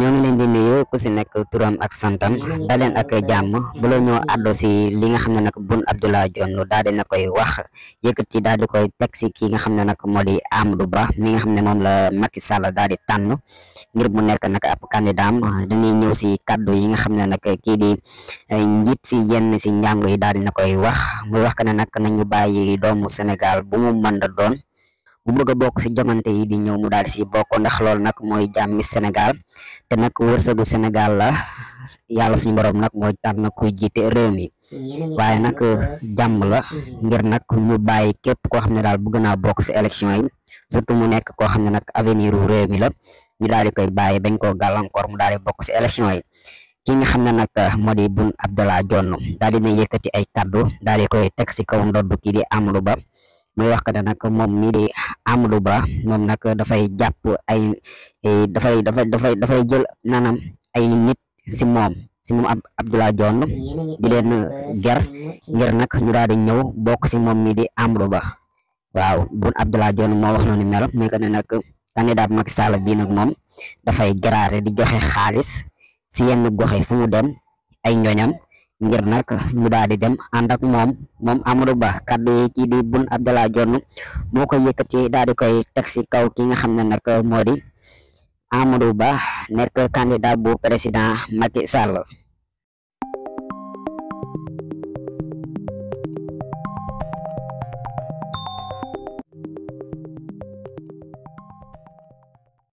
ñoo ngi leen di nuyu ku si nekk turam ak santam daa leen ak jàmm bu la ñoo àddoo si li nga xam ne nak Boun Abdallah Dionne daal di na koy wax yëkkati daal di koy teg si ki nga xam ne nag moo di Amadou Ba mi nga xam ne moom la Macky Sall daal di tànn ngir mu nekk nag ab candidat dañuy ñëw si kaddu yi nga xam ne nag kii di eh, njiit si yenn si njàng yi daal di na koy wax muy wax que ne nag nañu bàyyi doomu Sénégal bu mu mën a doon bu bëgg bok ci jongante yi di ñëw mu daal si bokk ndax loolu nak mooy jàmmi Sénégal té nak wërsegu Sénégal la yalla suñu borom nak mooy tànn kuy jité réew mi waaye nak jamm la ngir nak ñu bayyi képp ko xamné daal bu gëna bok ci élection yi surtout mu nekk ko xamné nak nag avenir réew mi la ñu daal di koy bayyi bañ gal encore mu daal di bok ci élection yi ki nga xamné nak modi bun Abdallah jonne daal ne yëkëti ay cadeau daal di koy tek ci kaw ndoddu ki di Ba may wax ka mom nag moom mii di Amadou Ba nak da fay japp ay da nanam da simom jël nanam ay nit si mom si mom abdullah di len eh, ger ger nak ñu daal di ñew bok si mom mi di Amadou Ba waaw bun abdullah Dione mo wax noonu mel mais que ne nag candidat Sall nak mom da fay graré di joxe xaalis si yenn gox fu mu dem ay ñoñam ngir nag ñu daal di dem ànd ak moom moom Amadou Ba kaddu yi kii di Boun Abdallah Dionne moo koy yëkkati daal di koy teg si kaw ki nga xam ne nag moo di Amadou Ba nekk candidat bu président Macky Sall.